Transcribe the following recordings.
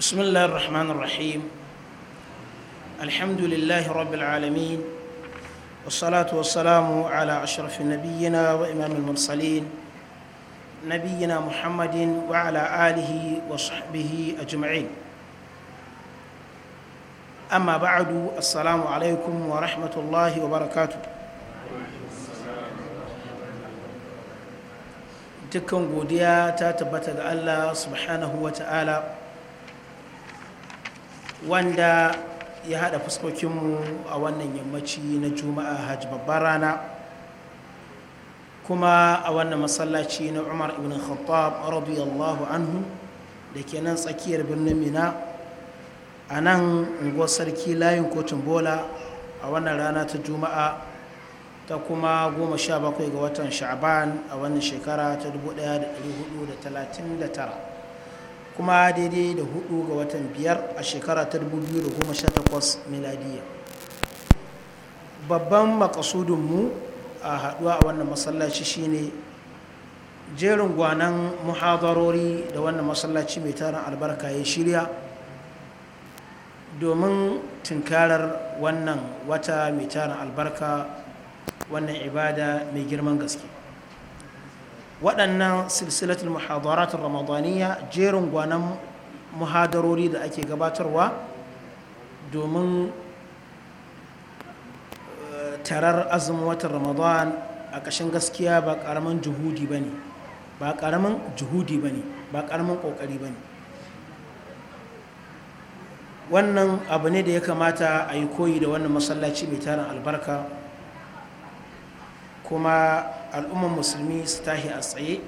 بسم الله الرحمن الرحيم الحمد لله رب العالمين والصلاة والسلام على أشرف نبينا وإمام المرسلين نبينا محمد وعلى آله وصحبه أجمعين أما بعد السلام عليكم ورحمة الله وبركاته تكون قديا تتبتد الله سبحانه وتعالى wanda ya hada fuskokinmu a wannan yammaci na juma'a hajji babbar rana kuma a wannan masallaci na umar ibn khattab radiyallahu anhu da ke nan tsakiyar birnin mina a nan unguwar sarki layin kotun bola a wannan rana ta juma'a ta kuma 17 ga watan sha'aban a wannan shekara ta 1439 kuma daidai da hudu ga watan biyar a shekara ta 2018 miladiya babban makasudinmu a haduwa a wannan masallaci shine jerin gwanan muhadarori da wannan masallaci mai taron albarka ya shirya domin tunkarar wannan wata mai taron albarka wannan ibada mai girman gaske waɗannan silsilatul muhadaratul ramadaniya jerin gwanan muhadarori da ake gabatarwa domin eh, tarar azumin watan ramadan a ƙashin gaskiya ba ƙaramin juhudi ba ne ba ƙaramin juhudi ba ne ba ƙaramin ƙoƙari ba ne wannan abu ne da ya kamata a yi koyi da wannan masallaci mai tarin albarka kuma Al'ummar musulmi su tahi a tsaye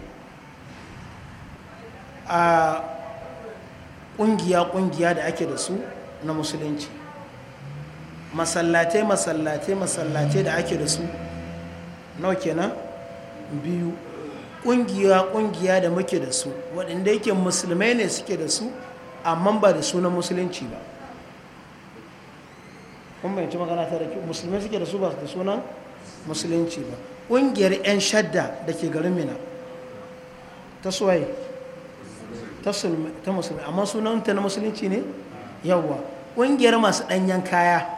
a ƙungiya-ƙungiya da ake da su na musulunci masallatai-masallatai-masallatai da ake da su nau kenan biyu ƙungiya-ƙungiya da muke da su waɗanda yake musulmai ne suke da su amma ba da su na musulunci ba kuma yanci magana ta da musulmai suke da su ba da sunan musulunci ba ƙungiyar 'yan shadda da ke garin mina ta suwaye ta musulmi amma sunanta na musulunci ne yawwa ƙungiyar masu ɗanyen kaya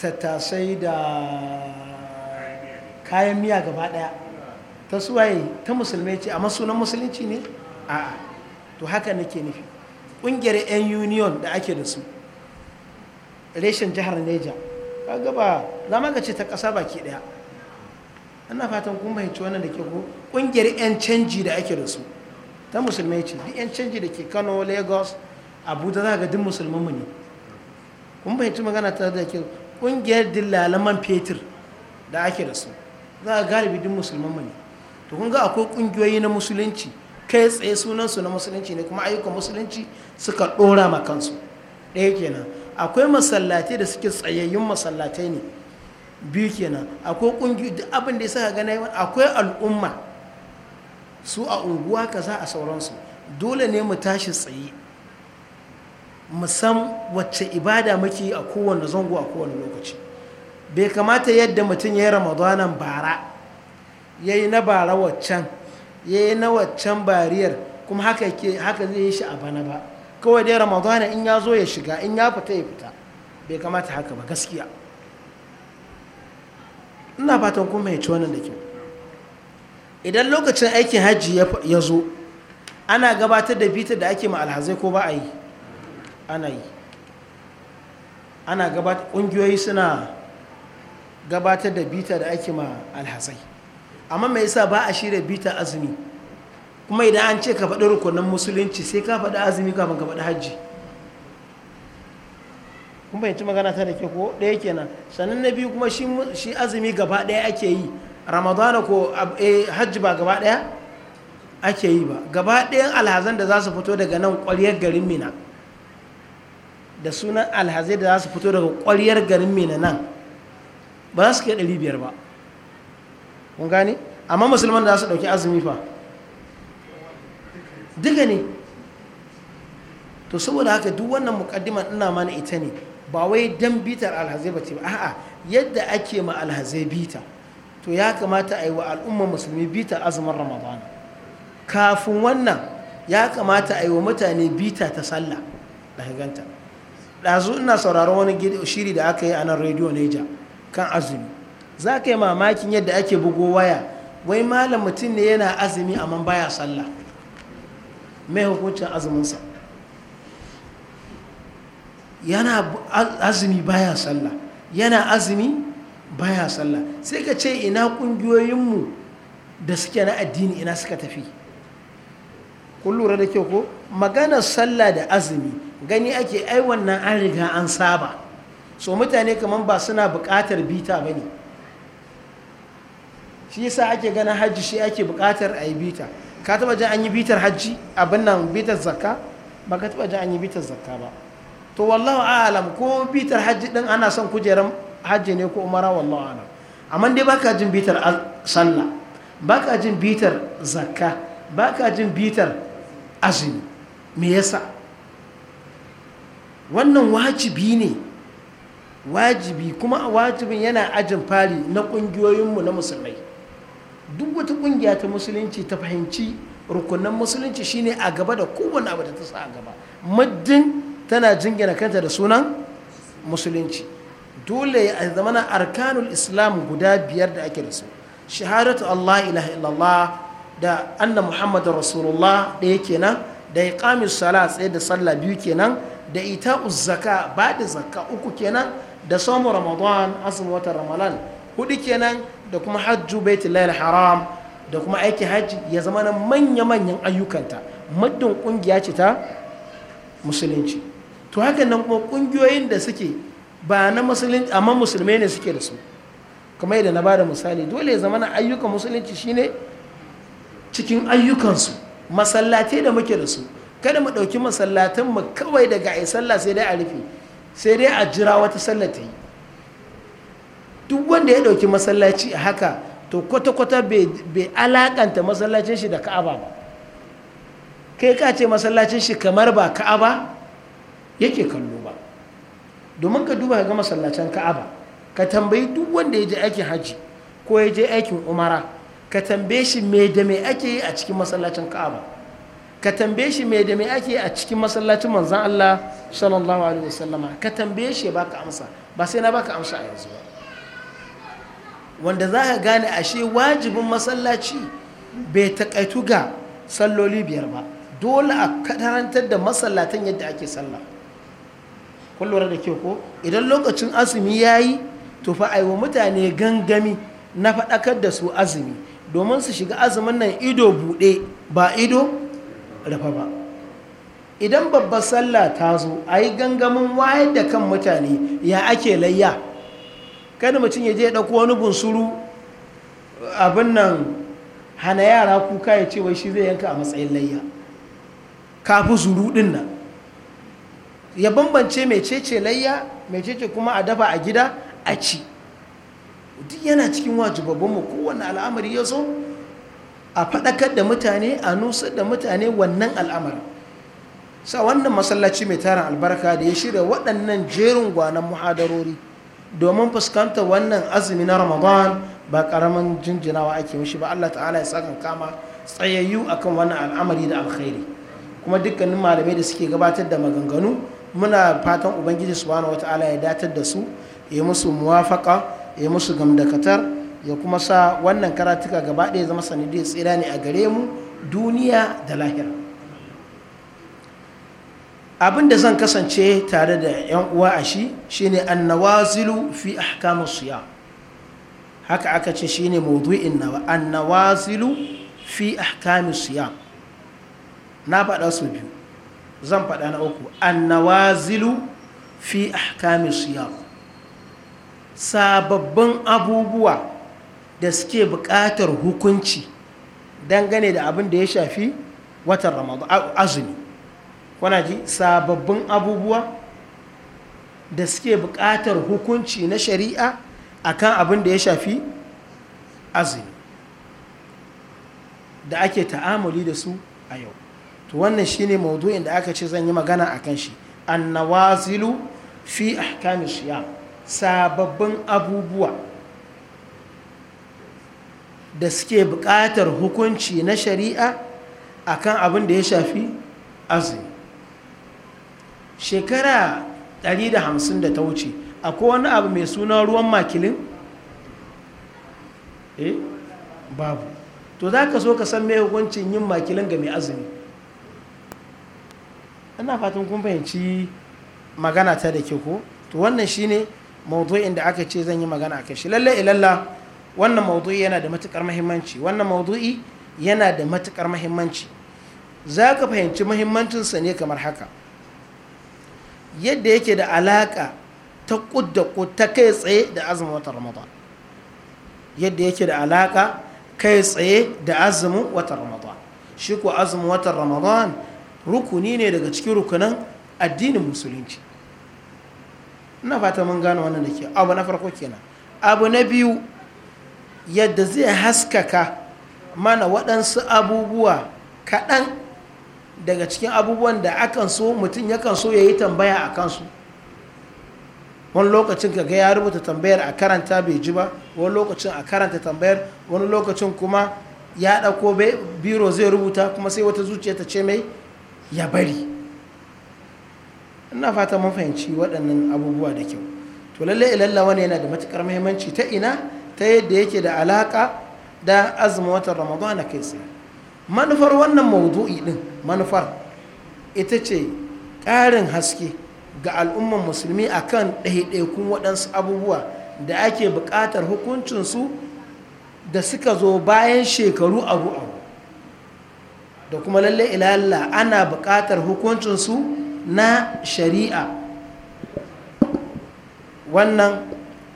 tattasai da kayan miya gaba ɗaya ta suwaye ta musulmi ce amma sunan musulunci ne a'a to haka nake nufi ƙungiyar 'yan union da ake da su reshen jihar neja ka gaba za ga ce ta kasa baki ɗaya ana fatan kun fahimci wannan da ke ko 'yan canji da ake da su ta musulmai ce duk 'yan canji da ke kano lagos abuja za ga duk musulmanmu ne kun fahimci magana ta da ke kungiyar dillalaman fetur da ake da su za ga galibi duk musulmanmu ne to kun ga akwai ƙungiyoyi na musulunci kai tsaye sunansu na musulunci ne kuma ayyukan musulunci suka ɗora ma kansu ɗaya kenan akwai masallatai da suke tsayayyun masallatai ne biyu kenan akwai kungiyoyi duk abin da ya saka gana wani, akwai al'umma su a unguwa ka za a sauransu dole ne mu tashi tsaye mu san wacce ibada muke a kowane zango a kowane lokaci bai kamata yadda mutum ya yi ramadanan bara ya yi na bara waccan ya yi na waccan bariyar kuma haka zai yi shi a bana ba kawai dai ramadana in ya zo ya shiga in ya fita ya fita bai kamata haka ba gaskiya ina fatan ya ci wannan da kyau idan lokacin aikin hajji ya zo ana gabatar da bitar da ake ma ko ba a yi ana yi ana gabatar ƙungiyoyi suna gabatar da bitar da ake ma amma mai yasa ba a shirya bitar azumi kuma idan an ce ka faɗi rukunin musulunci sai ka faɗi azumi kafin ka faɗi hajji kun bayyanci magana ta da ke ko ɗaya kenan sannan na biyu kuma shi azumi gaba ɗaya ake yi ramadana ko eh, hajji ba gaba ɗaya ake yi ba gaba ɗayan alhazan da za su fito daga nan ƙwaryar garin mina da sunan alhazai da za su fito daga ƙwaryar garin mina nan ba za su kai ɗari biyar ba kun gani amma musulman da za su ɗauki azumi fa duka ne to saboda haka duk wannan muƙaddiman ina mana ita ne ba wai dan bitar alhazai ba ce ba a'a yadda ake ma alhazai bita to ya kamata a yi wa al'umma musulmi bita azumin ramadan kafin wannan ya kamata a yi wa mutane bita ta sallah da ganta ɗazu ina sauraron wani shiri da aka yi a nan rediyo neja kan azumi za ka yi mamakin yadda ake bugo waya wai malam mutum ne yana azumi amma baya sallah mai hukuncin azuminsa yana azumi baya sallah yana azumi baya sallah sai ka ce ina kungiyoyinmu da suke na addini ina suka tafi kun da kyau ko maganar sallah da azumi gani ake ai wannan an riga an saba so mutane kamar ba suna buƙatar bita ba ne shi yasa ake ganin hajji shi ake bukatar a yi bita ka taɓa jin an yi bitar hajji abin nan bitar zakka ba ka taɓa jin an yi bitar zakka ba to wallahu alam ko bitar hajji din ana son kujerar hajji ne ko umara wallahu alam amma dai baka jin bitar sallah baka jin bitar zakka baka jin bitar azumi me yasa wannan wajibi ne wajibi kuma wajibin yana ajin fari na ƙungiyoyinmu na musulmai duk wata ƙungiya ta musulunci ta fahimci rukunan musulunci shine a gaba da kowane abu da ta sa a gaba muddin tana jingina kanta da sunan musulunci dole a zamana arkanul islam guda biyar da ake da su shahadatu allah ilaha illallah da anna muhammad rasulullah ɗaya kenan da ya sala tsaye da sallah biyu kenan da ita uzaka, ba da zakka uku kenan da samun ramadan asin watan ramalan, hudu kenan da kuma hajju bai haram da kuma aiki hajji ya zama na manya-manyan ayyukanta muddin kungiya ce ta musulunci to haka nan kuma ƙungiyoyin da suke ba na Musulunci amma musulmai ne suke da su kamar yadda na ba da misali dole zama na ayyukan musulunci shine cikin ayyukansu masallatai da muke da su kada mu ɗauki masallatan mu kawai daga a sallah sai dai a rufe sai dai a jira wata sallah ta yi duk wanda ya ɗauki masallaci a haka to kwata-kwata bai alakanta masallacin shi da ka'aba ba kai ka ce masallacin shi kamar ba ka'aba yake kallo ba domin ka duba ga masallacin ka'aba ka tambayi duk wanda ya je aikin hajji ko ya je aikin umara ka tambaye shi me da me ake yi a cikin masallacin ka'aba ka tambaye shi me da me ake yi a cikin masallacin manzan Allah sallallahu alaihi wasallama ka tambaye shi baka amsa ba sai na baka amsa a yanzu ba wanda za ka gane ashe wajibin masallaci bai takaitu ga salloli biyar ba dole a karantar da masallatan yadda ake sallah kun da ke ko idan lokacin azumi ya yi to fa aiwa mutane gangami na faɗakar da su azumi domin su shiga azumin nan ido buɗe ba ido rafa ba idan babbar sallah ta zo a yi gangamin wayar da kan mutane ya ake layya kada mutum ya je ɗauko wani bunsuru abin nan hana yara kuka ya ce wai shi zai yanka a matsayin layya kafin zuru ɗin nan ya bambance mai mecece layya mecece kuma a dafa a gida a ci duk yana cikin mu kowane al'amari ya zo a faɗakar da mutane a nusar da mutane wannan al'amari sa wannan masallaci mai tarin albarka da ya shirya waɗannan jerin gwanon muhadarori domin fuskantar wannan azumi na ramadan ba ƙaramin jinjinawa ake mishi ba allah ta'ala ya sakan kama tsayayyu akan wannan al'amari da alkhairi kuma dukkanin malamai da suke gabatar da maganganu muna fatan ubangiji subhanahu ala ya datar da su ya musu muwafaka ya musu gamdakatar ya kuma sa wannan karatuka gaba ɗaya zama sanadiyar tsira ne a gare mu duniya da lahira abin da zan kasance tare da 'yan uwa a shi shine annawazilu fi ahkamus siya haka aka ce shine in nawa annawazilu fi ahkamus siya na faɗa su biyu zan faɗa na uku annawazilu fi ahkami siyam sababbin abubuwa da suke buƙatar hukunci dangane da abin da ya shafi watan ramadu azumi wana ji sababbin abubuwa da suke buƙatar hukunci na shari'a akan abin da ya shafi azumi da ake ta'amuli da su a yau to wannan shine maudu'in da aka ce zan yi magana a kan shi annawazilu fi ahkami sababbin abubuwa da suke bukatar hukunci na shari'a a kan abin da ya shafi azumi shekara 150 da ta wuce akwai wani abu mai suna ruwan makilin eh babu to za ka so ka san mai hukuncin yin makilin ga mai azumi ina fatan kun fahimci magana ta da ke ko to wannan shine maudu'in da aka ce zan yi magana akan shi lalle ilalla wannan maudu'i yana da matukar muhimmanci wannan maudu'i yana da matukar muhimmanci za ka fahimci muhimmancinsa ne kamar haka yadda yake da alaka ta kudda ta kai tsaye da azumin watan ramadan yadda yake da alaka kai tsaye da azumin watan ramadan shi ko azumin watan ramadan rukuni ne daga cikin rukunan addinin musulunci ina fata mun gano wannan da ke abu na farko kenan abu na biyu yadda zai haskaka mana waɗansu abubuwa kaɗan daga cikin abubuwan da akan so mutum ya kan so ya yi tambaya a kansu wani lokacin ka ga ya rubuta tambayar a karanta bai ji ba wani lokacin a karanta tambayar wani lokacin kuma ya ɗauko biro zai rubuta kuma sai wata zuciya ta ce mai ya bari ina fata mun fahimci waɗannan abubuwa da kyau to lalle ilalla wani yana da matukar muhimmanci ta ina ta yadda yake da alaka da azumin watan ramadana kai tsaye manufar wannan maudu'i din manufar ita ce ƙarin haske ga al'umman musulmi a akan ɗaiɗaikun waɗansu abubuwa da ake buƙatar hukuncinsu da suka zo bayan shekaru abu abu da kuma lalle ilalla ana buƙatar hukuncinsu na shari'a wannan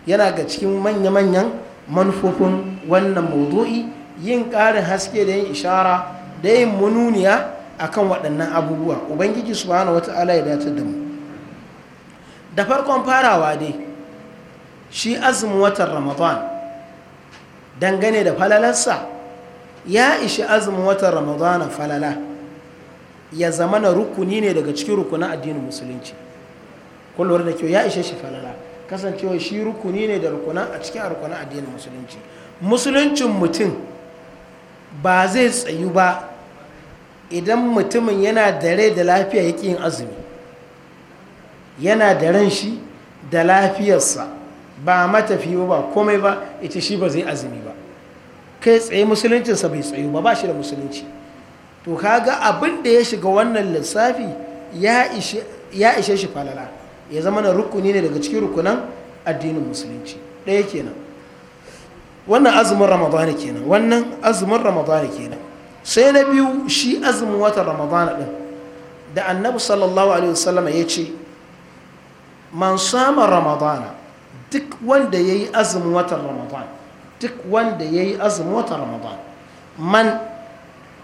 yana ga cikin manya-manyan manufofin wannan maudu'i yin ƙarin haske da yin ishara da yin mununiya kan waɗannan abubuwa ubangiji su wata ala ya dace da mu da farkon farawa dai shi azumin watan ramadan dangane da falalarsa ya ishi azumin watan ramadana falala ya zama na rukuni ne daga cikin rukunan addinin musulunci kullum da kyau ya ishe shi falala kasancewa shi rukuni ne da rukunan a cikin rukunan addinin musulunci musuluncin mutum ba zai tsayu ba idan mutumin yana da rai da lafiya ya yin azumi yana da ran shi da lafiyarsa ba matafi ba komai ba ita shi ba zai azumi ba kai tsaye musuluncinsa bai tsayu ba ba shi da musulunci to kaga abin da ya shiga wannan lissafi ya ishe shi falala ya zama na rukuni ne daga cikin rukunan addinin musulunci ɗaya kenan wannan azumin ramadana kenan wannan azumin ramadana kenan sai na biyu shi azumin watan ramadana ɗin da annabi sallallahu alaihi wasallam ya ce man sama ramadana duk wanda ya yi azumin watan ramadana duk wanda ya yi azumin wata ramadan man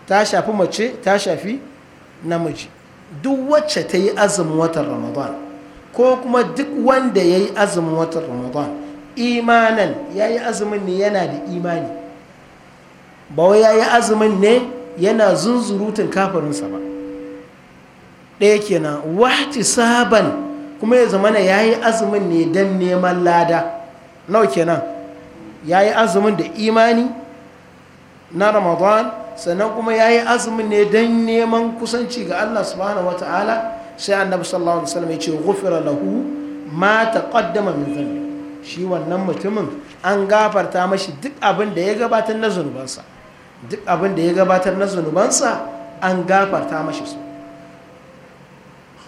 ta shafi mace ta shafi namiji duk wacce ta yi azumin watan ramadan ko kuma duk wanda ya yi azumin watan ramadan imanan ya yi azumin ne yana da imani ba wai ya yi azumin ne yana zunzurutun kafirinsa ba ɗaya kenan wati saban kuma ya zamana ya yi azumin ne don neman lada nau kenan ya yi azumin da imani na ramadan sannan kuma ya yi azumin ne don neman kusanci ga allah subhanahu wa ta'ala sai annabi sallallahu alaihi wasallam ya ce gufira lahu ma taqaddama min dhanbi shi wannan mutumin an gafarta mashi duk abin da ya gabatar na zunubansa duk abin da ya gabatar na zunubansa an gafarta mashi su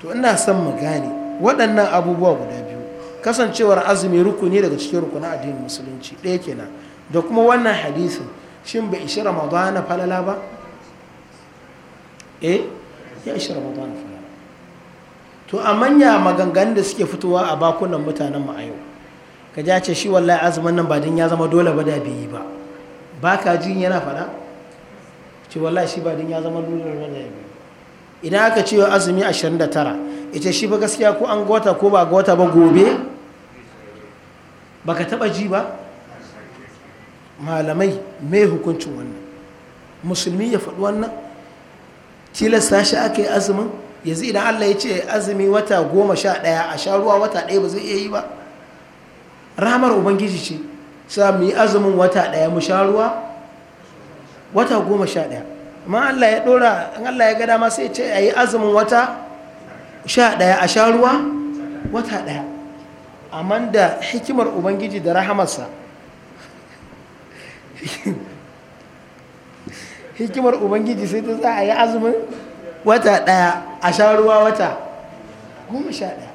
to ina son mu gane waɗannan abubuwa guda biyu kasancewar azumi rukuni daga cikin rukunin addinin musulunci ɗaya kenan da kuma wannan hadisin shin bai ishi ramadana falala ba eh ya ishi ramadana falala to a manya maganganu da suke fitowa a bakunan mutanen mu a yau ka ja ce shi wallahi azumin nan ba din ya zama dole ba da bai yi ba ba ka jin yana faɗa ce wallahi shi ba din ya zama dole ba da bai idan aka ce azumi 29 ita shi ba gaskiya ko an gota ko ba gota ba gobe baka taba ji ba malamai mai hukuncin wannan musulmi ya faɗi wannan tilasta shi aka yi azumin yanzu idan allah ya ce azumi wata goma sha ɗaya a sha ruwa wata ɗaya ba zai iya yi ba ramar ubangiji ce sa mu yi azumin wata ɗaya mu sha ruwa wata goma sha ɗaya amma allah ya ɗora in allah ya ga dama sai ce a yi azumin wata sha ɗaya a sha ruwa wata ɗaya amma da hikimar ubangiji da rahamarsa hikimar ubangiji sai ta za a yi azumin wata daya a sha ruwa wata goma sha daya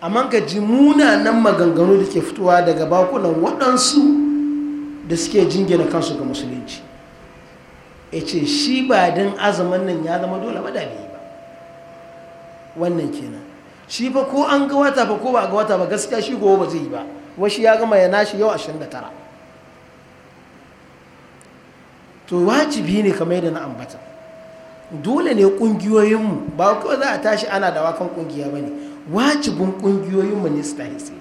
amma ka ji munanan maganganu da ke fitowa daga bakunan waɗansu da suke jingina kansu ga musulunci ya ce shi ba don azumin nan ya zama dole ba da ba wannan kenan shi fa ko an ga wata ba ko ba ga wata ba gaskiya shi gobe ba zai yi ba washi ya gama ya nashi yau 29 to wajibi ne kamar yadda na ambata dole ne kungiyoyinmu ba ko za a tashi ana da wakan kungiya ba ne wajibin kungiyoyinmu ne su tashi tsaye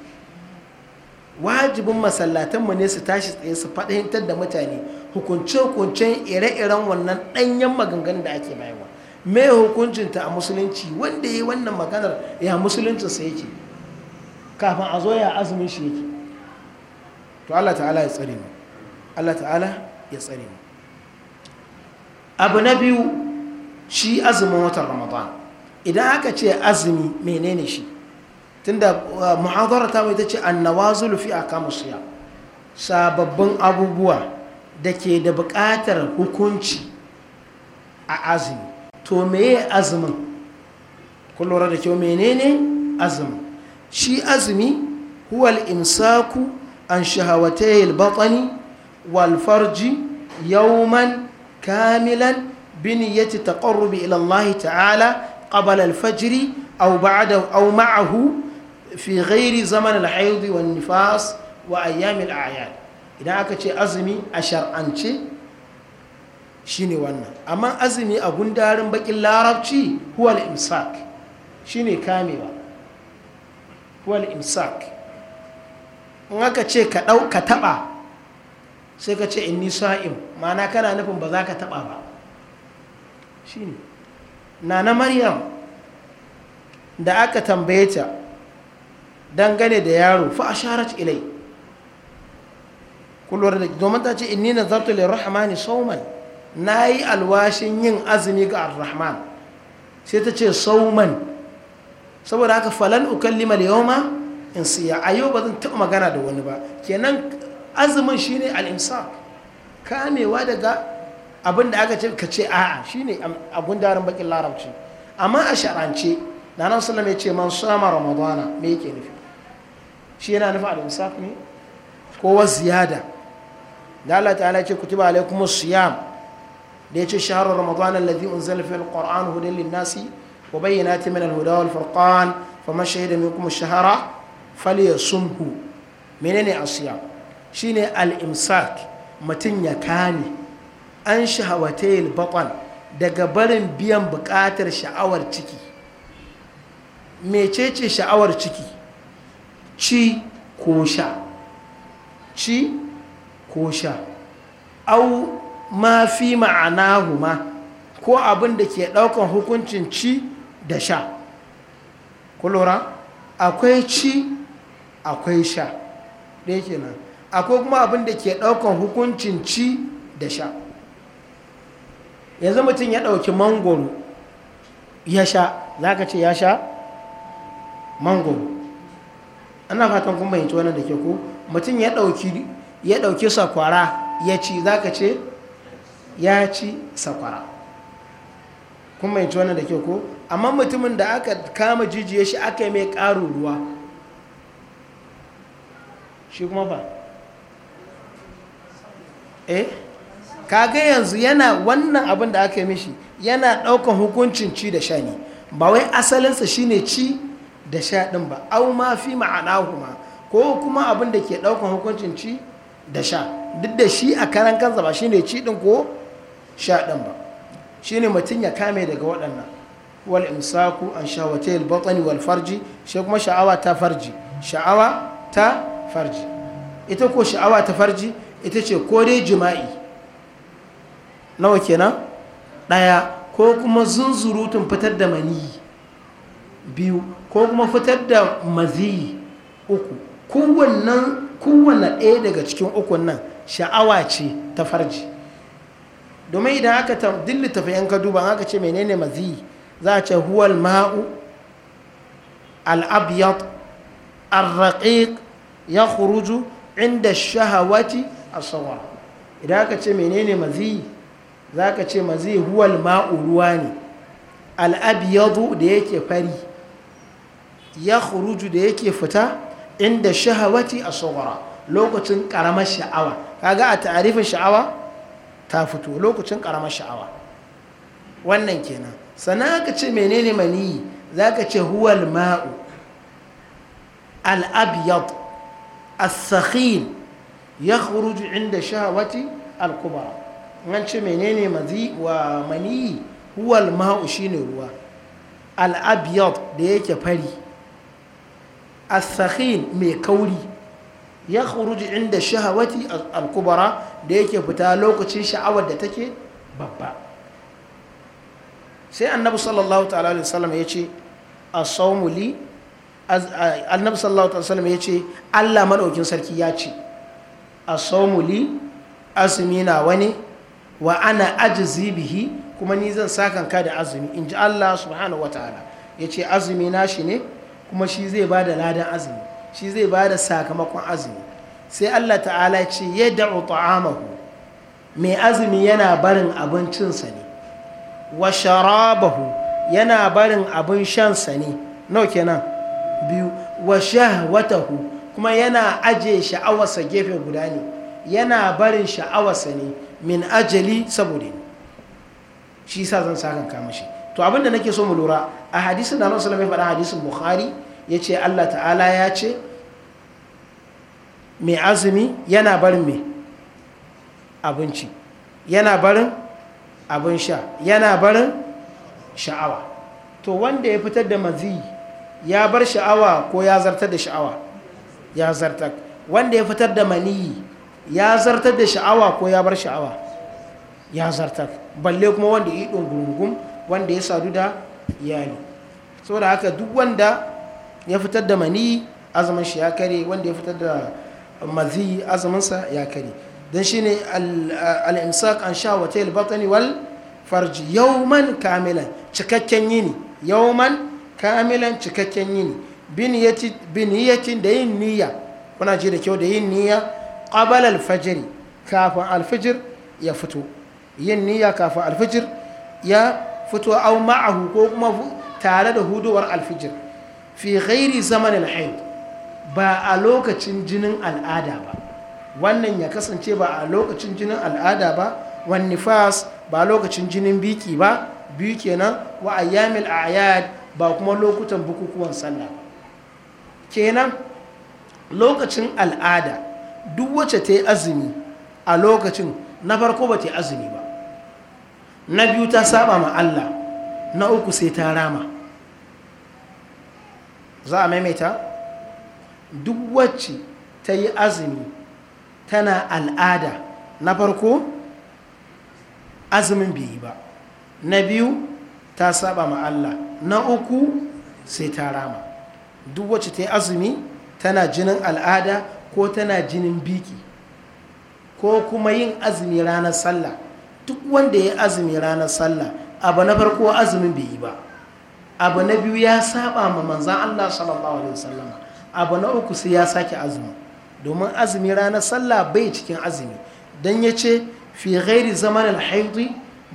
wajibin masallatanmu ne su tashi tsaye su fahimtar da mutane hukunce-hukuncen ire-iren wannan ɗanyen maganganun da ake bayarwa me hukuncinta a musulunci wanda ya yi wannan maganar ya musuluncinsa yake kafin a zo ya azumin shi yake to Allah ta'ala ya tsare mu Allah ta'ala ya tsare mu abu na biyu shi azumin watan ramadan idan aka ce azumi menene shi tunda uh, muhadara ta mai ta ce annawazul fi akamus siyam sababbin abubuwa da ke da buƙatar hukunci a azumi to meye azumin kun kyau menene azumin shi azumi huwal imsaku an shahawatayil batani walfarji farji yawman kamilan biniyati ta ila Allah ta'ala qabla al fajri aw ba'da ma'ahu fi ghairi zaman al hayd wan nifas wa ayyamil al a'yad idan aka ce azumi a shar'ance ne wannan amma azumi a gundarin bakin larabci huwal imsak ne kamewa huwal imsak in aka ce ka ɗau ka taɓa sai ka ce inni sa'im ma'ana kana nufin ba za ka taɓa ba shine nana maryam da aka tambaye ta dangane da yaro fa asharat ilai kullum da domin ta ce in nina inni rahama ne sauman na yi alwashin yin azumi ga arrahman sai ta ce sauman saboda haka falan ukallima ma in siya a yau ba zan taɓa magana da wani ba kenan azumin shine al'imsa kamewa daga abin da aka ce ka ce a'a shine abin harin bakin larabci amma a sharance na nan sallam ya ce man sama ramadana me yake nufi shi yana nufi al'imsa ne ko wa ziyada da Allah ta'ala ya ce kutiba alaikumus siyam da ya ce shaharar ramadan alladhi unzila fil qur'an hudan lin nasi wa bayyinati min al huda wal furqan faman shahida minkum shahara falyasumhu menene asiya shine al imsak mutum ya kani an shahawatayil batan daga barin biyan bukatar sha'awar ciki mecece sha'awar ciki ci ko sha ci ko sha au ma fi huma ko abin da ke ɗaukan hukuncin ci da sha kulura akwai ci akwai sha ɗaya nan akwai kuma abin da ke ɗaukan hukuncin ci da sha yanzu mutum ya ɗauki mangoro ya sha za ka ce ya sha mangoro ana fatan kuma yanci wannan da ke ku mutum ya ɗauki sakwara ya ci za ka ce ya ci sakwara kuma yanci wannan da ke ko amma mutumin da aka kama jijiye shi aka mai karu ruwa shi kuma ba eh kaga yanzu yana wannan abin da aka yi mishi yana ɗaukan hukuncin ci da sha ne ba wai asalinsa shine ci da sha ɗin ba au ma fi ma'anahuma ko kuma abin da ke ɗaukan hukuncin ci da sha duk da shi a karan kansa ba shine ci ɗin ko sha ɗan ba shine mutum ya kame daga waɗannan wal imsaku an shawata batani wal farji shi kuma sha'awa ta farji sha'awa ta farji ita ko sha'awa ta farji ita ce ko dai jima'i nawa kenan ɗaya ko kuma zunzurutun fitar da maniyi biyu ko kuma fitar da maziyi uku kowanne ɗaya daga cikin uku nan sha'awa ce ta farji domin idan aka dilli littafayen ka duba aka ce menene mazi za a ce huwal ma'u al'abiyat arraƙiƙ ya kuruju inda shahawati a sawa idan aka ce menene mazi za ka ce mazi huwal ma'u ruwa ne al'abiyadu da yake fari ya kuruju da yake fita inda shahawati a sawa lokacin ƙaramar sha'awa ka ga a ta'arifin sha'awa ta fito lokacin ƙaramar sha'awa wannan kenan sana ka ce menene maniyi za ka ce huwal ma'u al'abiyad as ya khuruju inda shahawati al-kubra an ce menene wa maniyi huwal ma'u shine ruwa al'abiyad da yake fari as mai kauri ya khuruji inda shahawati al-kubara da yake fita lokacin sha'awar da take babba sai annabi sallallahu ta'ala alaihi wasallam ya as-sawmu li annabi sallallahu ta'ala wasallam ya ce Allah madaukin sarki ya ce as-sawmu li azumi na wani wa ana ajzi bihi kuma ni zan ka da azumi in ji Allah subhanahu wa ta'ala azumi na shi ne kuma shi zai ba da ladan azumi shi zai ba da sakamakon azumi sai Allah ta'ala ce ya da'u ta'amahu mai azumi yana barin abincinsa ne wa sharabahu yana barin abin shansa ne nau kenan biyu wa shahwatahu kuma yana aje sha'awarsa gefe guda ne yana barin sha'awarsa ne min ajali saboda ne shi sa zan sakan kama to abinda nake so mu lura a hadisin da Allah sallallahu alaihi wasallam ya faɗa hadisin Bukhari ya ce allah ta'ala ya ce mai azumi yana barin mai abinci yana barin abin sha yana barin sha'awa to wanda ya fitar da maziyi ya bar sha'awa ko ya zartar da sha'awa ya zartar wanda ya fitar da maniyi ya zartar da sha'awa ko ya bar sha'awa ya zartar balle kuma wanda ya yi ɗungurungun wanda ya sadu da iyali saboda haka duk wanda ya fitar da mani azumin shi ya kare wanda ya fitar da mazi azuminsa ya kare don shi ne al'imsak an sha wata batani wal farji yauman kamilan cikakken yini yauman kamilan cikakken yini biniyacin da yin niyya kuna ji da kyau da yin niyya ƙabal alfajiri kafin alfijir ya fito yin niyya kafin alfijir ya fito au ma'ahu ko kuma tare da huduwar alfijir fi ghairi zamanin haid ba a lokacin jinin al'ada ba wannan ya kasance ba a lokacin jinin al'ada ba wan fas ba lokacin jinin biki ba biyu kenan wa ayyamil a'yad ba kuma lokutan bukukuwan sallah kenan lokacin al'ada duk wacce ta yi azumi a lokacin na farko ba ta yi azumi ba na biyu ta saba ma Allah na uku sai ta rama za a maimaita duk wacce ta yi azumi tana al'ada na farko azumin bai yi ba na biyu ta saba ma Allah na uku sai ta rama duk wacce ta yi azumi tana jinin al'ada ko tana jinin biki ko kuma yin azumi ranar sallah duk wanda ya yi azumi ranar sallah abu na farko azumin bai yi ba abu na biyu ya saba ma manzan Allah sallallahu alaihi wasallam abu na uku sai ya sake azumi domin azumi ranar sallah bai cikin azumi dan ya fi ghairi zaman al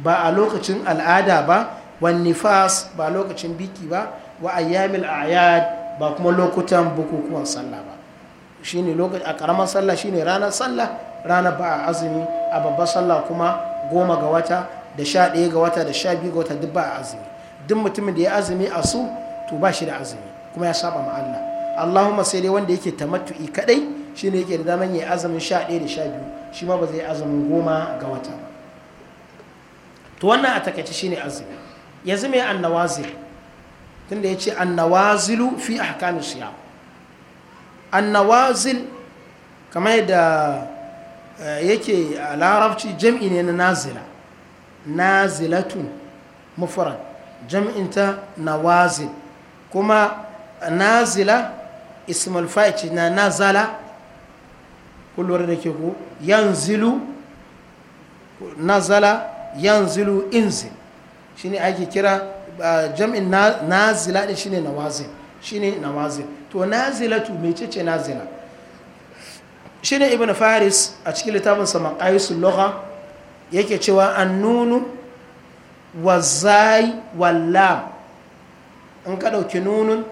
ba a lokacin al'ada ba wan nifas ba lokacin biki ba wa ayyamil a'yad ba kuma lokutan bukukuwan sallah ba shine a karamar sallah shine ranar sallah ranar ba a azumi a babbar sallah kuma goma ga wata da sha ɗaya ga wata da sha biyu ga wata duk ba a azumi duk mutumin da ya azumi a su to ba shi da azumi kuma ya saba ma Allah Allahumma sai dai wanda yake tamattu'i kadai shine yake da daman ya azumin sha ɗaya da sha biyu shi ma ba zai azumin goma ga wata ba to wannan a takaice shine azumi yanzu mai annawazil tunda yace annawazilu fi ahkamin siyam annawazil kamar yadda eh, yake a larabci jam'i ne na nazila nazilatun mufrad na nawazil kuma nazila ismul fa'ici na nazala kullum da ke ku yanzilu nazala yanzilu shi ne ake kira jam'in nazila din shi ne na wazin to na mecece nazila ne ibn faris a cikin littafin sa maqayisul lugha yake cewa an nunu. wazai wallam in ka ɗauki nunun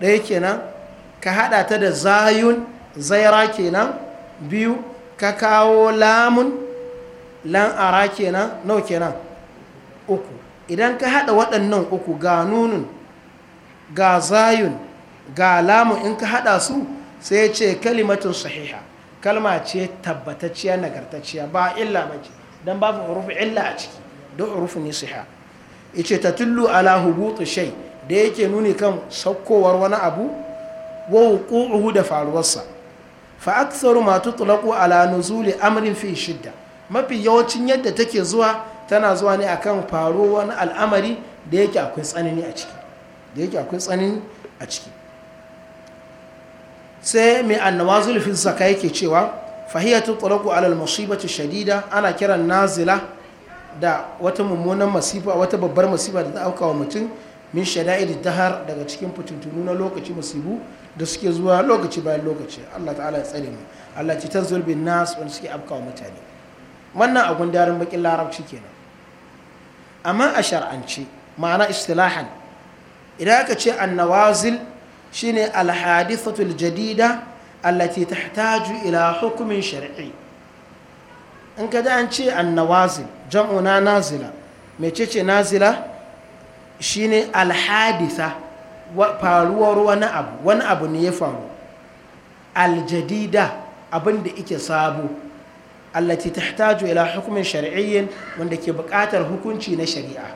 ɗaya kenan ka haɗa ta da zayun zaira kenan biyu ka kawo lamun lan'ara kenan nau kenan uku idan ka haɗa waɗannan uku ga nunun ga zayun ga lamun in ka haɗa su sai ce kalimatun sahiha kalma ce tabbatacciya nagartacciya ba illa mace don babu rufe illa a ciki duk hurufin ita ta tullu ala hubutu shai da yake nuni kan saukowar wani abu wa wuqu'uhu da faruwarsa fa aktharu ma tutlaqu ala nuzuli amrin fi shidda mafi yawancin yadda take zuwa tana zuwa ne akan faruwar wani al'amari da yake akwai tsanani a ciki da yake akwai tsanani a ciki sai mai annawazul fi zaka yake cewa fahiyatu tutlaqu ala al-musibati shadida ana kiran nazila da wata mummunan masifa wata babbar masifa da ta auka wa mutum min shada'id dahar daga cikin fitintunu na lokaci masibu da suke zuwa lokaci bayan lokaci Allah ta'ala ya tsare mu Allah ce tanzul bin nas wanda suke afkawa mutane wannan a gundarin bakin larabci kenan amma a shar'ance ma'ana istilahan idan aka ce annawazil shine alhadithatul jadida allati tahtaju ila hukumin shar'i in ka an ce annawazil jam'u na nazila mecece nazila shi ne alhadisa faruwar wani abu wani abu ne ya faru aljadida abin da ike sabo allati tahtaju ila hukumin shari'iyyin wanda ke bukatar hukunci na shari'a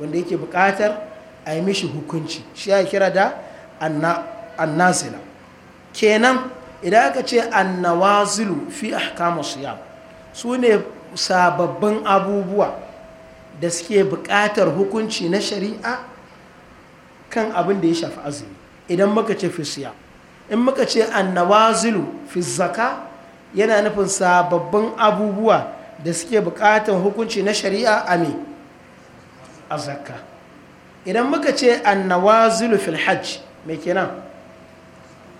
wanda yake bukatar a yi mishi hukunci shi ya kira da annazila kenan idan aka ce annawazilu fi ahkamu siyam su ne sababbin abubuwa da suke buƙatar hukunci na shari'a kan abin da ya shafi azumi idan muka ce fisiya in muka ce annawazilu fi zaka yana nufin sababbin abubuwa da suke buƙatar hukunci na shari'a a me a zakka idan muka ce annawazilu fil hajj mai kenan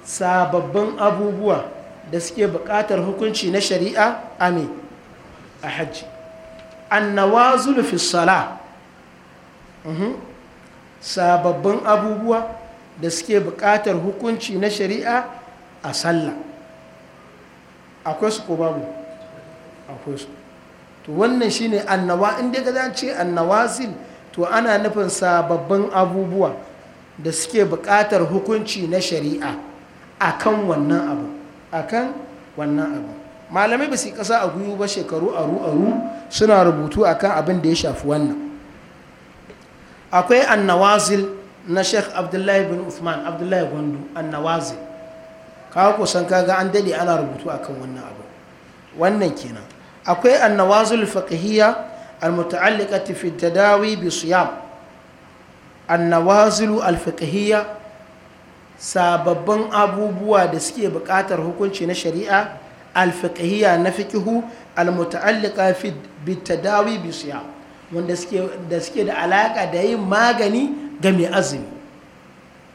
sababbin abubuwa da suke bukatar hukunci na shari'a ame a hajji annawazul fi sala mhm. sababbin abubuwa da suke bukatar hukunci na shari'a a sallah akwai su ko babu akwai su to wannan shine annawa inda ga ce zil to ana nufin sababbin abubuwa da suke bukatar hukunci na shari'a a kan wannan abu akan wannan abu malamai ba su kasa a guyu ba shekaru aru aru suna rubutu akan abin da ya shafi wannan akwai annawazil na sheikh abdullahi bin uthman abdullahi gwandu annawazil kawo kusan kaga an dade ana rubutu akan wannan abu wannan kenan akwai annawazil faqhiyya المتعلقة في التداوي بصيام النوازل الفقهية sababbin abubuwa da suke buƙatar hukunci na shari'a alfiqhiyya na fiqhu almuta'alliqa fi bitadawi bi wanda suke da suke da alaka da yin magani game azumi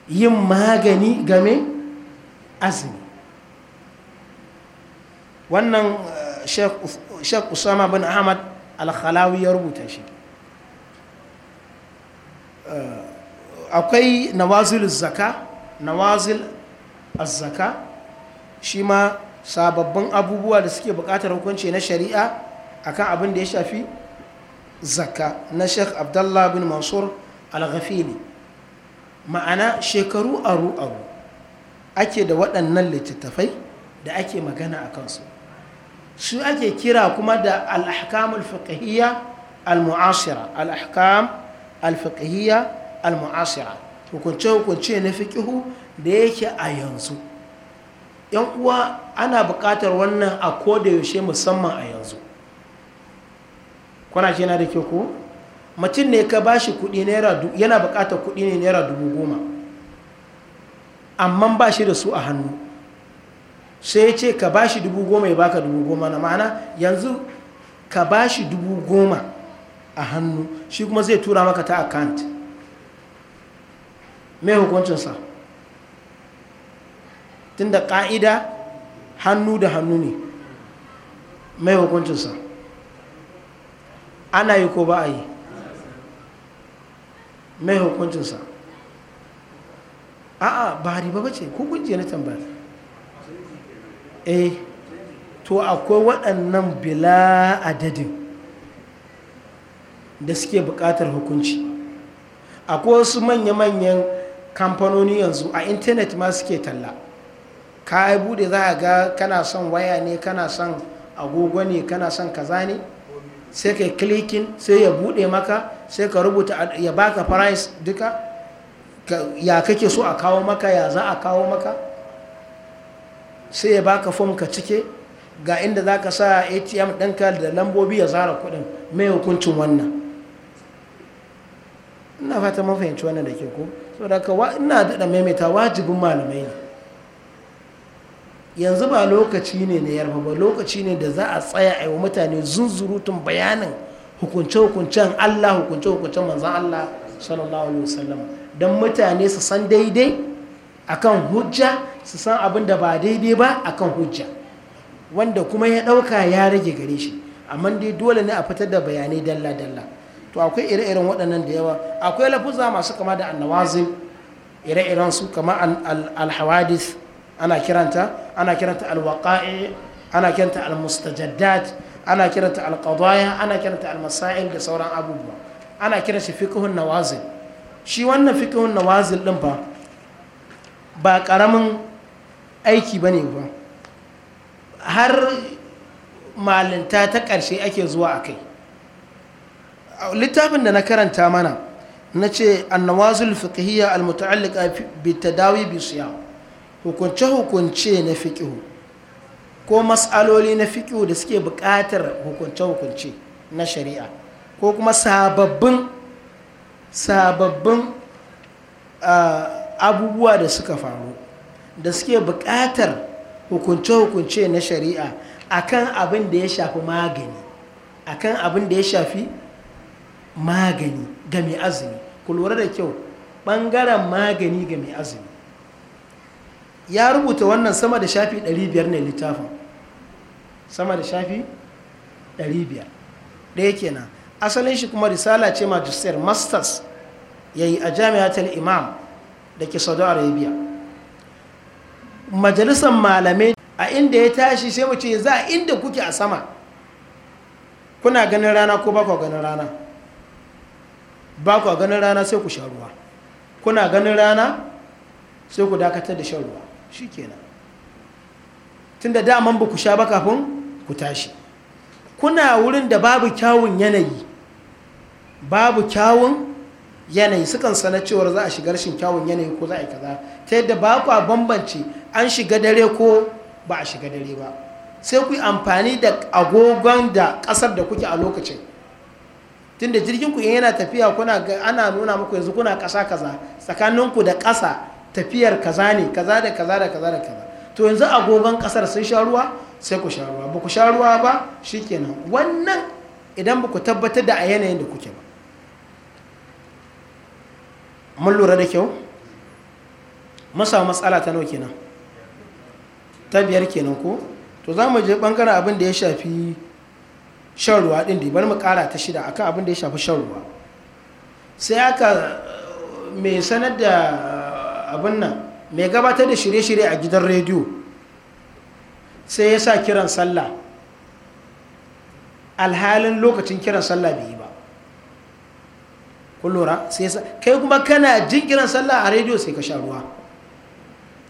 yin magani game azumi wannan eh, Sheikh Usama bin Ahmad Al-Khalawi ya rubuta shi eh, akwai nawazilul zaka nawazil azzaka shi ma sababbin abubuwa da suke buƙatar hukunci na shari'a akan abin da ya shafi zakka na sheikh abdullah bin mansur al-ghafili ma'ana shekaru aru-aru ake da waɗannan littattafai da ake magana a kansu su ake kira kuma da al-ahkam al-fiqhiyya al al-ahkam al-fiqhiyya al hukunce-hukunce na fiƙihu da yake a yanzu yan uwa ana buƙatar wannan a koda yaushe musamman a yanzu kwanaki yana da ke ku mutum ne ka bashi kuɗi naira yana buƙatar kuɗi ne naira dubu goma amma ba shi da su a hannu sai ya ce ka bashi dubu goma ya baka dubu goma na ma'ana yanzu ka bashi dubu goma a hannu shi kuma zai tura maka ta account mai hukuncinsa tun da ƙa'ida hannu da hannu ne mai hukuncinsa ana yi ko ba a yi mai hukuncinsa a'a ba a riba ba ce hukunci na tambaya eh to akwai waɗannan bila adadin da suke buƙatar hukunci akwai wasu manya-manyan kamfanoni yanzu a intanet ma suke talla ka yi bude za a ga kana son waya ne kana son agogo ne kana son kaza ne sai ka klikin sai ya bude maka sai ka rubuta ya baka price duka ya kake so a kawo maka ya za a kawo maka sai ya baka fom ka cike ga inda za ka sa atm ɗinka da lambobi ya zara kuɗin mai hukuncin wannan ina fata mafahimci wannan da ke ko so da ina daɗa maimaita wajibin malamai ne yanzu ba lokaci ne na yarfa ba lokaci ne da za a tsaya a yi mutane zunzurutun bayanin hukunce-hukuncen allah hukunce-hukuncen manzan allah sallallahu alaihi wasallam don mutane su san daidai akan hujja su san abin da ba daidai ba akan hujja wanda kuma ya ɗauka ya rage gare shi amma dai dole ne a fitar da bayanai dalla-dalla to akwai ire-iren waɗannan da yawa akwai lafuza masu kama da annawazin ire-iren su kama alhawadis ana kiranta ana kiranta alwaƙa'i ana kiranta almustajaddat ana kiranta alƙadaya ana kiranta almasa'il da sauran abubuwa ana kiran shi fiqhun nawazil shi wannan fiqhun nawazil ɗin ba ba ƙaramin aiki ba ne ba har malinta ta ƙarshe ake zuwa a kai littafin da na karanta mana na ce annawazul fiqhiyya almuta'alliqa bi tadawi bi siya hukunce hukunce na fiqhu ko mas'aloli na fiqhu da suke buƙatar hukunce hukunce na shari'a ko kuma sababbin sababbin abubuwa da suka faru da suke buƙatar hukunce-hukunce na shari'a akan abin da ya shafi magani akan abin da ya shafi magani ga mai azumi ku lura da kyau ɓangaren magani ga mai azumi ya rubuta wannan sama da shafi 500 ne littafin sama da shafi 500 ɗaya kenan asalin shi kuma risala ce majistar masters ya yi a jami'atar imam da ke saudi arabia majalisar malamai a inda ya tashi sai mu ce za a inda kuke a sama kuna ganin rana ko bakwa ganin rana ba ku ganin rana sai ku sharuwa kuna ganin rana sai ku dakatar da shan ruwa shi kenan tun da daman ba ku sha ba kafin ku tashi kuna wurin da babu kyawun yanayi babu kyawun yanayi sukan sana cewar za a shiga rashin kyawun yanayi ko za a yi kaza ta yadda ba ku bambance an shiga dare ko ba a shiga dare ba sai ku yi amfani da agogon da ƙasar da kuke a lokacin tunda jirgin ku yana tafiya kuna ana nuna muku yanzu kuna kasa kaza tsakaninku da ƙasa tafiyar kaza ne kaza da kaza da kaza da kaza to yanzu agogon ƙasar sun sha ruwa sai ku sha ruwa ba ku sha ruwa ba shi kenan wannan idan ba ku tabbatar da a yanayin da kuke ba mun lura da kyau masa matsala ta nauki kenan ta biyar kenan ko to za mu je bangaren abin da ya shafi shan ruwa din da bari mu kara ta shida akan abin da ya shafi shan ruwa sai aka mai sanar da eh, abin nan mai gabatar da shirye-shirye a gidan rediyo sai ya sa kiran sallah alhalin lokacin kiran sallah bai yi ba kullura sai sa kai kuma kana jin kiran sallah a rediyo sai ka sha ruwa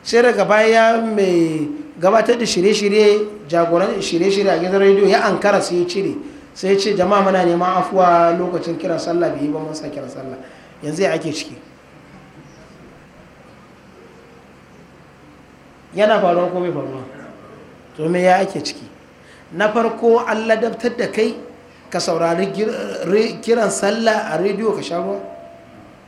sai daga baya mai gabatar da shirye-shirye jagoran shirye-shirye a gidan rediyo ya ankara sai ya cire sai ya ce jama'a muna neman afuwa lokacin kiran sallah bai yi ba masa kiran sallah yanzu ya ake ciki yana faruwa ko bai faruwa to me ya ake ciki na farko an ladabtar da kai ka saurari kiran sallah a rediyo ka sha ruwa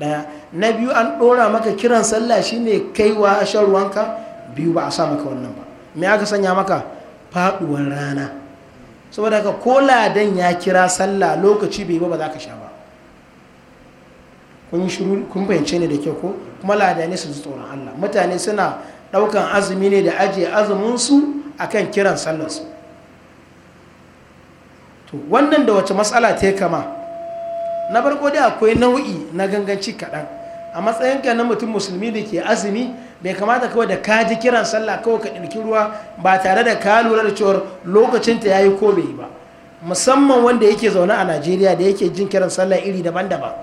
daya na biyu an dora maka kiran sallah shine kaiwa shan ruwanka biyu ba a sa maka wannan ba me aka sanya maka faduwar rana saboda ka ko ladan ya kira sallah lokaci bai ba ba za ka sha ba kun fahimce ne da kyau ko kuma ladane su zuwa tsoron Allah mutane suna daukan azumi ne da ajiye azumin su akan kiran sallarsu su to wannan da wace matsala ta kama na farko dai akwai nau'i na ganganci kaɗan a matsayinka na mutum musulmi da ke azumi bai kamata kawai da ka ji kiran sallah kawai ka ɗirki ruwa ba tare da ka lura da cewar lokacinta ya yi ko bai ba musamman wanda yake zaune a najeriya da yake jin kiran sallah iri daban-daban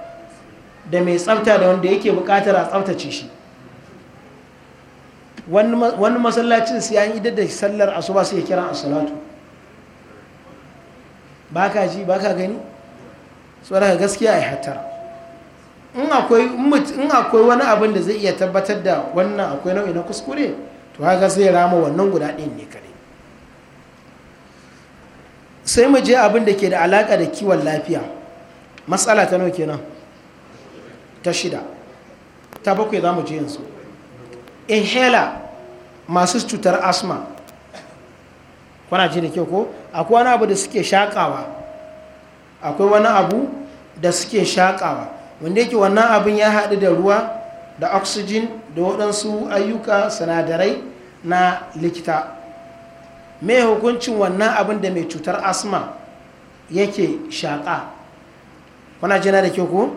da mai tsafta da wanda yake buƙatar a tsaftace shi wani masallacin sai yi idar da sallar asuba yi kiran asalatu ba ka ji ba ka gani tsoron gaskiya ya hatara in akwai wani abin da zai iya tabbatar da wannan akwai nau'i na kuskure to haka sai rama wannan guda ɗin ne kare sai mu je abin da ke da alaƙa da kiwon lafiya matsala ta nauke nan? ta shida ta bakwai za mu je yanzu inhaler masu cutar asma kwana ji da kyau ko akwai wani abu da suke shaƙawa akwai wani abu da suke shaƙawa wanda yake wannan abin ya haɗu da ruwa da oxygen da waɗansu ayyuka sinadarai na likita mai hukuncin wannan abin da mai cutar asma yake shaƙa wana jina da kyau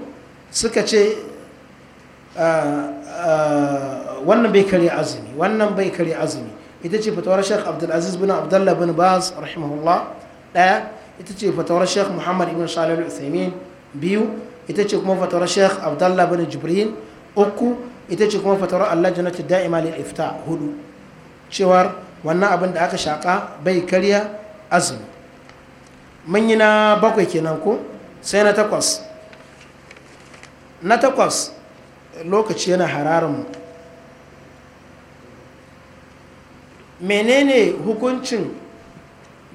suka ce ah, ah, wannan bai kare azumi wannan bai kare azumi ita ce fatawar shek abdulaziz bin abdullah bin baz rahimahullah ɗaya ita ce fatawar shek muhammad ibn shalil al biyu ita ce kuma fatawar sheikh abdallah bin jibril uku ita ce kuma fatawar allah jannatu da'ima lil ifta hudu cewar wannan abin da aka shaƙa bai karya azumi mun yi na bakwai kenan ko sai na takwas na takwas lokaci yana hararin mu menene hukuncin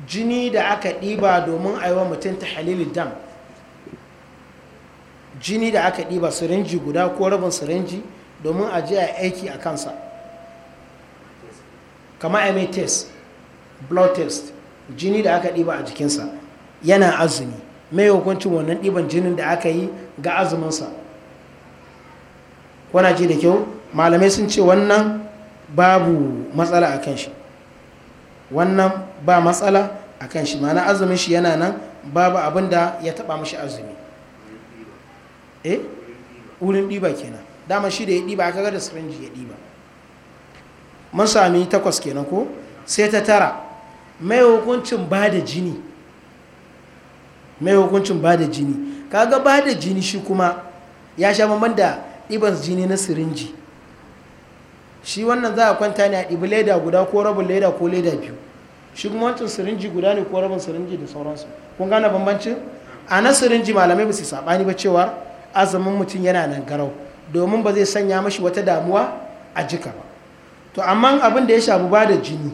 jini da aka ɗiba domin aiwa mutum ta halilin dam jini da aka ɗiba sirinji guda ko rabin sirinji domin a je a aiki a kansa kama ma test blood test jini da aka ɗiba a jikinsa yana azumi mai hukuncin wannan ɗiban jinin da aka yi ga azuminsa wana ji da kyau malamai sun ce wannan babu matsala a kan shi wannan ba matsala a kan shi ma'ana azumin shi yana nan babu abin da ya taɓa mashi azumi eh wurin ɗiba kenan dama shi da ya ɗiba aka da sirinji ya ɗiba mun sami takwas kenan ko sai ta tara mai hukuncin ba da jini mai hukuncin ba da jini kaga ba da jini shi kuma ya sha mamman da ɗiban jini na sirinji shi wannan za a kwanta ne a ɗibi leda guda ko rabin leda ko leda biyu shi kuma wancan sirinji guda ne ko rabin sirinji da sauransu kun gane bambancin a na sirinji malamai ba su saɓani ba cewar azumin mutum yana nan garau domin ba zai sanya mashi wata damuwa a jika ba to amma abin da ya shafi ba da jini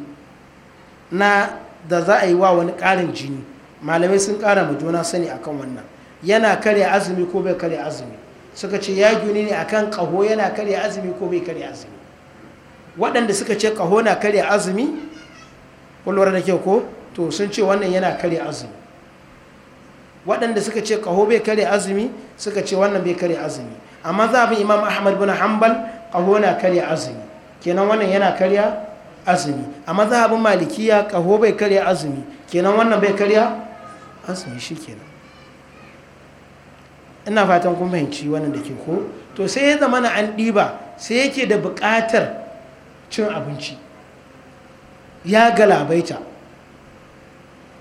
na da za a yi wa wani ƙarin jini malamai sun kara mu juna sani akan wannan yana karya azumi ko bai karya azumi suka ce ya gini ne akan kaho yana karya azumi ko bai karya azumi waɗanda suka ce kaho na karya azumi kullum da kyau ko to sun ce wannan yana karya azumi waɗanda suka ce kaho bai kare azumi suka ce wannan bai kare azumi amma za bi imam ahmad bin hanbal kaho na kare azumi kenan wannan yana karya azumi amma za bi malikiya kaho bai kare azumi kenan wannan bai karya azumi shi kenan ina fatan kun fahimci wannan da ke ko to sai ya zama na an ɗiba sai yake da buƙatar cin abinci ya galabaita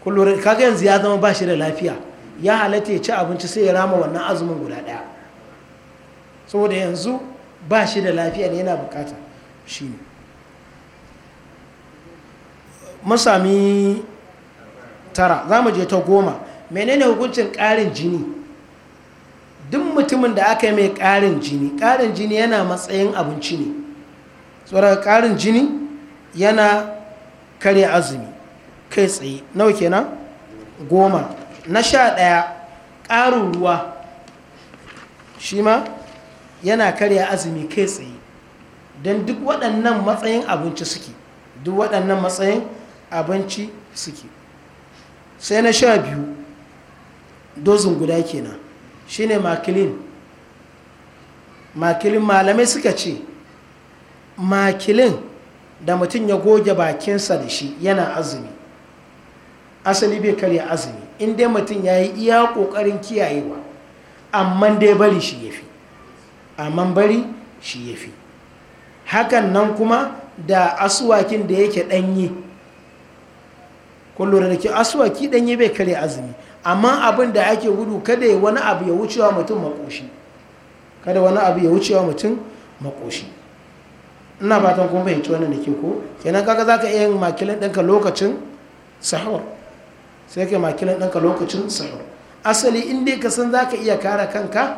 kullum kaga yanzu ya zama ba shi da lafiya ya halatta ya ci abinci sai ya rama wannan azumin guda ɗaya saboda yanzu ba shi da lafiya ne yana bukata shi ne masami tara za mu je ta goma menene hukuncin ƙarin jini duk mutumin da aka yi mai ƙarin jini karin jini yana matsayin abinci ne tsoron ƙarin jini yana karya azumi kai tsaye nawa kenan goma na sha ɗaya ƙarin ruwa shi ma yana karya azumi kai tsaye don duk waɗannan matsayin abinci suke duk waɗannan matsayin abinci suke sai na sha biyu dozin guda kenan shine makilin makilin malamai suka ce makilin da mutum ya goge bakinsa da shi yana azumi asali bai karya azumi in dai mutum ya yi iya ƙoƙarin kiyayewa amma dai bari shi ya fi amma bari shi ya fi hakan nan kuma da asuwakin da yake ɗanyi kullum da ke asuwaki ɗanyi bai kare azumi amma abin da ake gudu kada wani abu ya wucewa mutum makoshi kada wani abu ya wucewa mutum makoshi ina fatan kuma fahimci wannan da ke ko kenan kaga za ka iya yin makilin ɗinka lokacin sahur sai kai makilan ɗanka lokacin sahur asali in dai ka san za ka iya kare kanka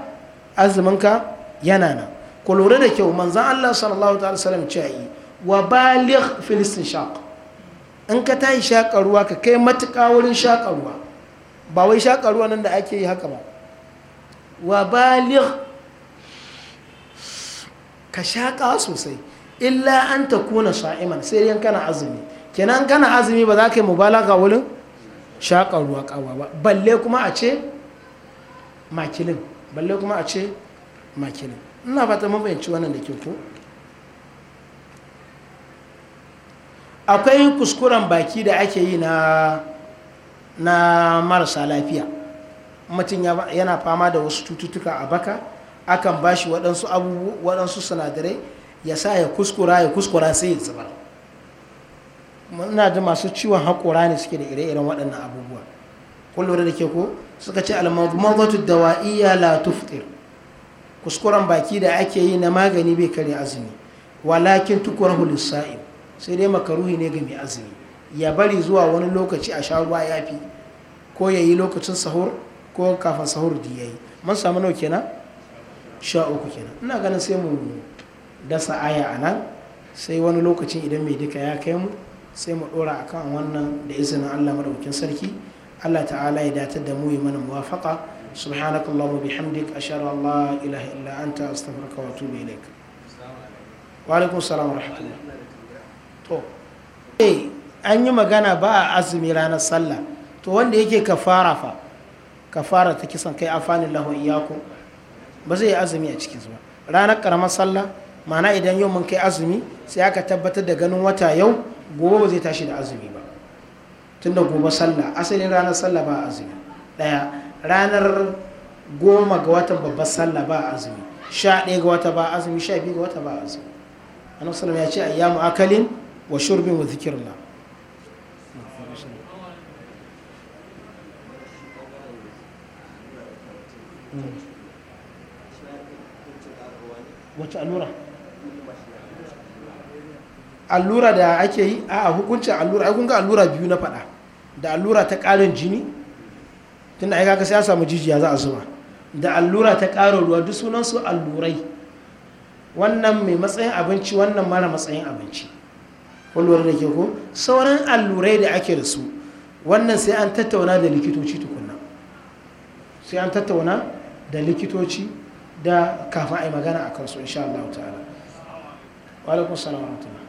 azuminka yana nan ku lura da kyau manzan Allah sallallahu ta'ala salam ce yi wa baligh filistin shaq in ka tashi shaƙa ruwa ka kai matuƙa wurin shaƙa ruwa ba wai shaƙa ruwa nan da ake yi haka ba wa baligh ka shaƙa sosai illa an ta kuna sha'iman sai yan kana azumi kenan kana azumi ba za ka yi mubalaga wurin shakar ruwa kawa ba balle kuma a ce makilin balle kuma a ce makilin ina fata mafayanci wannan da ke ko. akwai kuskuren baki da ake yi na na marasa lafiya mutum yana fama da wasu cututtuka a baka akan bashi waɗansu abubuwa waɗansu sinadarai ya sa ya kuskura ya kuskura sai ya tsibar muna da masu ciwon haƙora ne suke da ire-iren waɗannan abubuwa Kullum da ke ko suka ce almazatu dawa'iyya la tuftir kuskuren baki da ake yi na magani bai kare azumi walakin tukurahu lisa'im sai dai makaruhi ne ga mai azumi ya bari zuwa wani lokaci a sha ya fi ko ya yi lokacin sahur ko kafin sahur da ya yi mun samu nau kenan sha uku kenan ina ganin sai mu dasa aya a nan sai wani lokacin idan mai duka ya kai mu sai mu dora kan wannan da izinin Allah madaukakin sarki Allah ta'ala ya datar da mu yi mana muwafaqa subhanakallahumma bihamdik ashhadu an la ilaha illa anta astaghfiruka wa atubu ilaik wa alaikum assalam wa rahmatullah to eh an yi magana ba a azumi ranar sallah to wanda yake kafara fa kafara ta kisan kai afanin lahu Iyaku, ba zai yi azumi a cikin ba ranar karamar sallah ma'ana idan yau mun kai azumi sai aka tabbatar da ganin wata yau gobe ba zai tashi da azumi ba tunda gobe sallah asalin ranar sallah ba azumi daya ranar goma ga watan babbar sallah ba azumi sha ɗaya ga wata ba azumi sha biyu ga wata ba azumi annabi sallam ya ce ayyamu akalin wa shurbin wa zikirna hmm. wata allura allura da ake yi a hukuncin allura ai kun ga allura biyu na faɗa da allura ta ƙarin jini tunda ai kaga sai ya samu jijiya za a zuba da allura ta ƙarin ruwa duk sunan su allurai wannan mai matsayin abinci wannan mara matsayin abinci kullum da ke ko sauran allurai da ake da su wannan sai an tattauna da likitoci tukunna sai an tattauna da likitoci da kafin a yi magana a kansu insha Allah ta'ala wa alaikum salam wa rahmatullah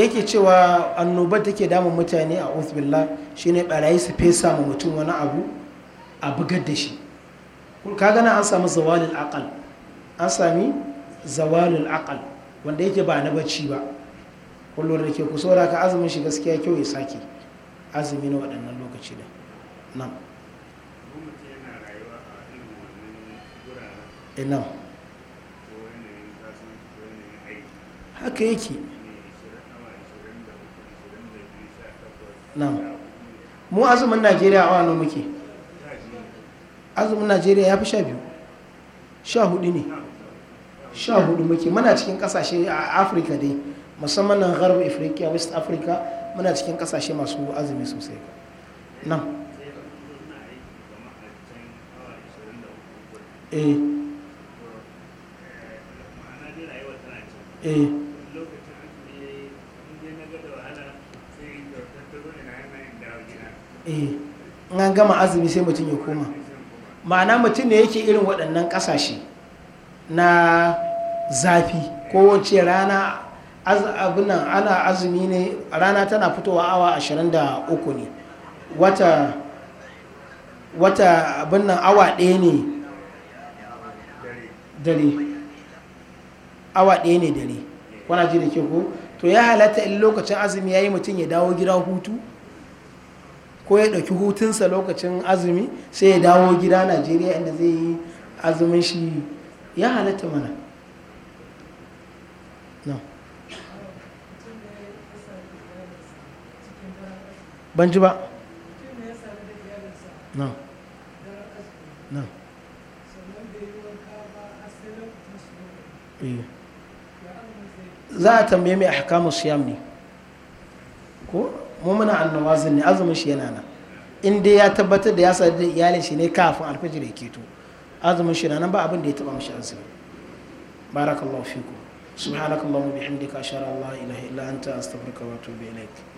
yake cewa annobar take damun mutane a uzbillah ne barayi su fesa ma mutum wani abu a bugar da shi ka gana an sami zawalul akal an sami zawalul akal wanda yake ba na bacci ba kullum da ke ku saura ka azumin shi gaskiya kyau ya sake azumi na waɗannan lokaci da nan eh, haka yake mu azumin najeriya awa nan muke azumin najeriya ya fi sha biyu sha hudu ne sha hudu muke muna cikin kasashe a afirka dai musamman na garba afirka west africa muna cikin kasashe masu azumi sosai nan eh eh gama azumi sai mutum ya koma ma'ana mutum ne yake irin waɗannan ƙasashe na zafi kowace rana abinan ana azumi ne rana tana fitowa awa 23 ne wata wata abinnan awa ɗaya ne dare awa ɗaya ne dare wana ji da ke ko to ya halatta in lokacin azumi ya yi mutum ya dawo gida hutu ko ya ɗauki hutunsa lokacin azumi sai ya dawo gida najeriya inda zai yi azumin shi ya halatta mana ban ji ba eh. za a tambaye mai hakamun siyam ne ko mu muna annawazin ne azumin shi yana nan in dai ya tabbatar da ya sadu da iyalin shi ne kafin alfajir ya keto azumin shi na nan ba abin da ya taba mishi azumi barakallahu fikum subhanakallahumma bihamdika ashhadu an la ilaha illa anta astaghfiruka wa atubu ilaik